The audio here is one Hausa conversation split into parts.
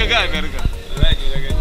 Kagame, Erkan.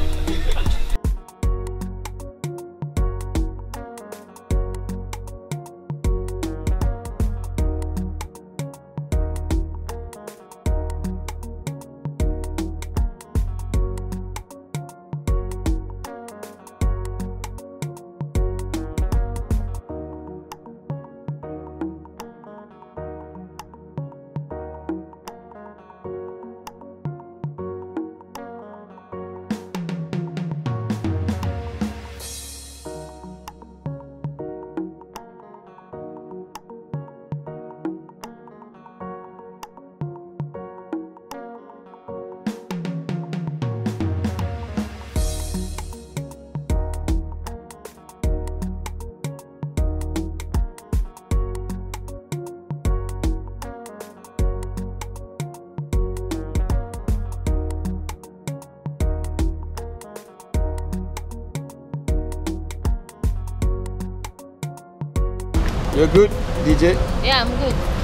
You're good, DJ? Yeah, I'm good.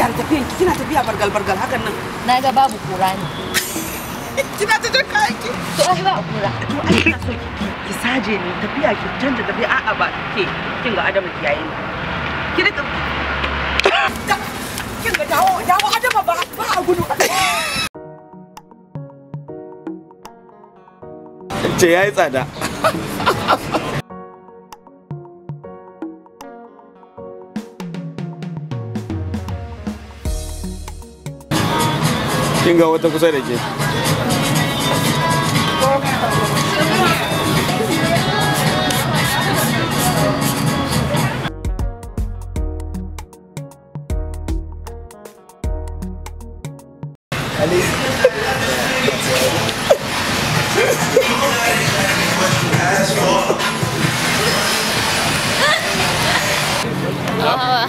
gyara tafiyan ki kina tafiya bargal bargal hakan nan na ga babu kura ne kina ta jaka ki to ai ba kura to ai kina so ki saje ne tafiya ki canza tafiya a'a ba ke kin ga adamu ki yayi ki rika kin ga dawo dawo adamu ba ba a gudu ce yayi tsada Kinga, вот так узарите. Ага.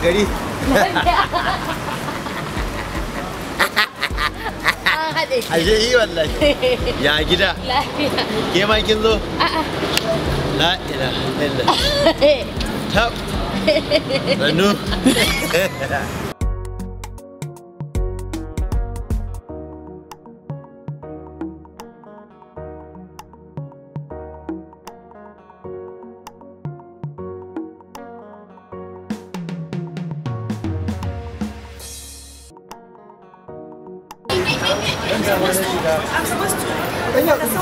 gari Aje yi wallahi ya gida ke ma kin zo la ila illa tab sannu I'm supposed to got it because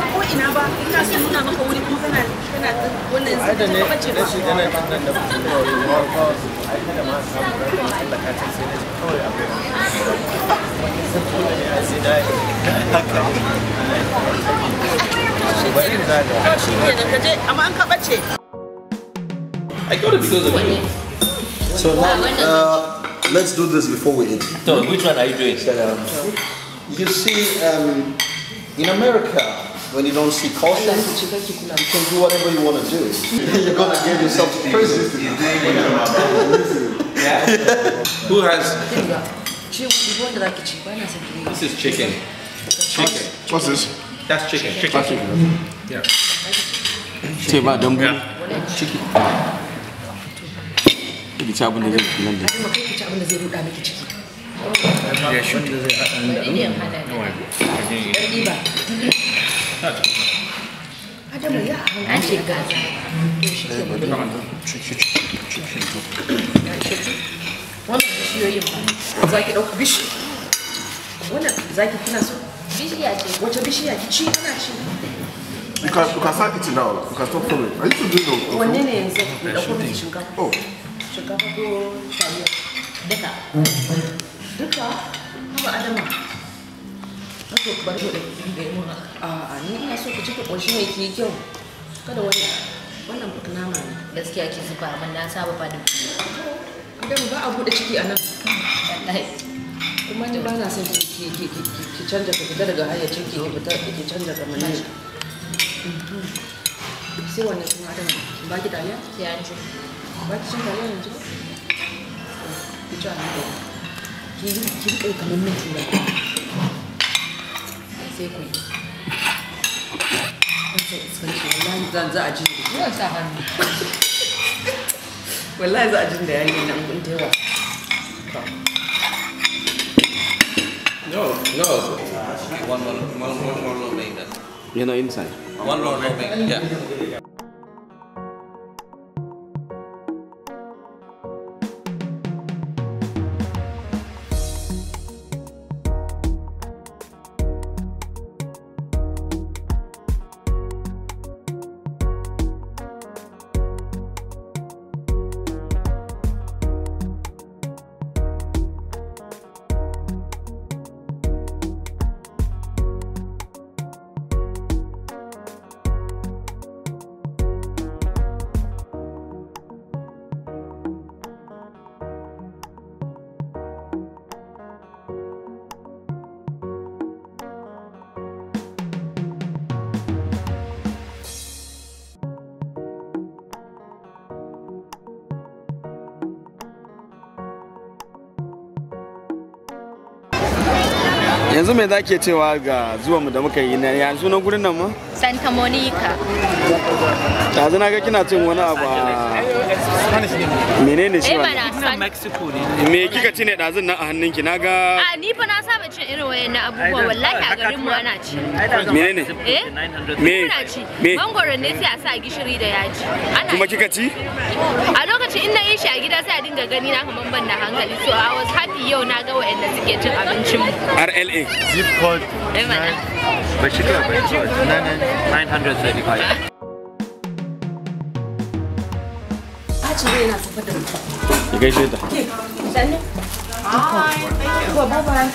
of you. So now, uh, let's do this before we eat. So, which one are you doing? You see, um, in America, when you don't see caution, you can do whatever you want to do. You're going to get yourself to prison. Who has? This is chicken. Chicken. What's this? That's chicken. Chicken. That's chicken. Yeah. Chicken. Chicken. Chicken. Chicken. Chicken. Chicken. Chicken. Der s h ü t t Wannan i s y o u k a bishi. Wannan za ki k i o Bishiya c a c s i y You can, you can start eating now. You can stop filming. Are you still doing the... w a n n o h Oh. duka haba adama na so bar da kuɗi da yi mun a ni ina so ku ci ku ƙoshi mai ke kyau kada wani wannan kuɗi nama ne gaskiya ke zuba ban na saba ba da kuɗi adama ba a buɗe ciki a nan kuma ni ba na son ki canza ka fita daga hayyacin ki fita ki canza ka mana sai wannan kuma adama ba ki dariya sai an ci ba ki cin dariya yanzu ki ci a hankali Kim kim e kalan min tura. Sai ku. Kace iskanci wallahi zan za a ji. Zan sa hannu. Wallahi za a jin da yayi nan kun tewa. No, no. One more, one more, one more, one more. You know inside. One more, yeah. yanzu me za ke cewa ga zuwanmu da muka yi na yanzu na gurin nan ma? santa monica yanzu na ga kina cin wani abu a menene shi eh, wannan mexico ne me kika ci ne dazun nan a hannunki ga. a ni fa na saba cin irin wayannan abubuwa wallahi a garin mu ana ci menene eh me na ci mangoro ne sai a sa gishiri da yaji kuma kika ci a lokacin ina yin shi a gida sai a dinga gani na kaman ban da hankali so i was happy yau na ga wayanda suke cin abincin mu RLA zip code eh mana ba shi ka ba 935 You guys should. Send it. Bye. Thank you. Well, bye bye.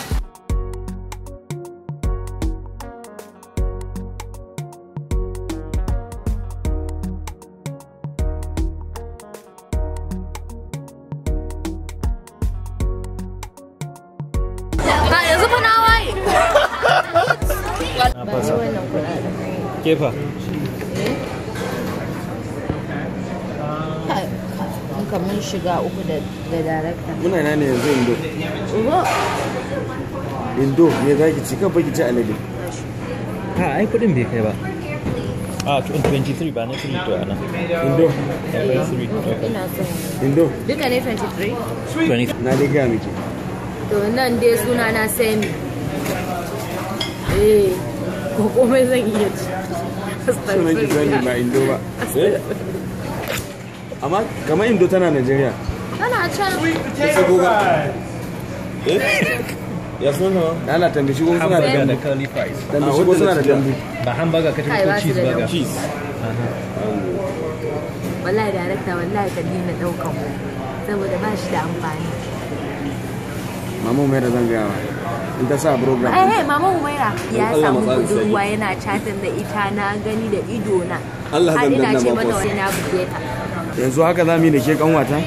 也是不难为。给吧。kamar shiga uku da darakta muna na ne yanzu indo indo me za ki ci kan fa ki ci alade Ha, ai kudin bai kai ba a ah, 23 ba na 3 to ana indo indo duka ne 23 na dai miki to nan dai suna na sami. eh ko komai zan iya ci sunan ki zan ba indo ba eh? amma kamar indo tana nigeria tana can ita goga eh? ya sun nawa ana tambi shigo suna da gambu tambi ah, shigo suna da gambu ba hamburger ka tafi ko cheese burger cheese wallahi darakta wallahi ka dina daukan mu saboda ba shi da amfani mamu mai da zan gaya in ta sa program eh eh mamu mai umaira ya samu budurwa yana chatin da ita na gani da ido na Allah zan danna ba ko sai na buge yanzu haka za mu yi da ke kanwata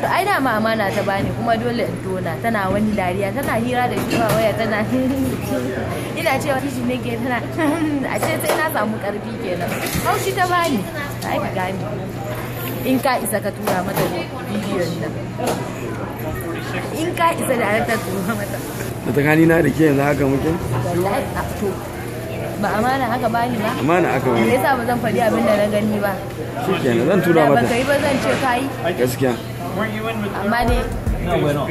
to ai da ma amana ta bani kuma dole in tona tana wani dariya tana hira da shi waya tana ina cewa kishi ne ke tana a ce sai na samu karfi kenan shi ta bani ai ka gani in ka isa ka tura mata bidiyon nan in ka isa da ta tura mata da ta gani na da ke yanzu haka muke to ba amana haka bani ba amana haka bani me yasa ba zan faɗi abin da na gani ba shikenan zan tura mata ba kai ba zan ce kai gaskiya amma ne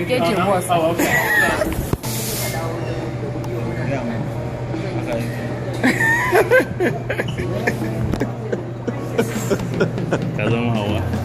ke ce boss ka zama hawa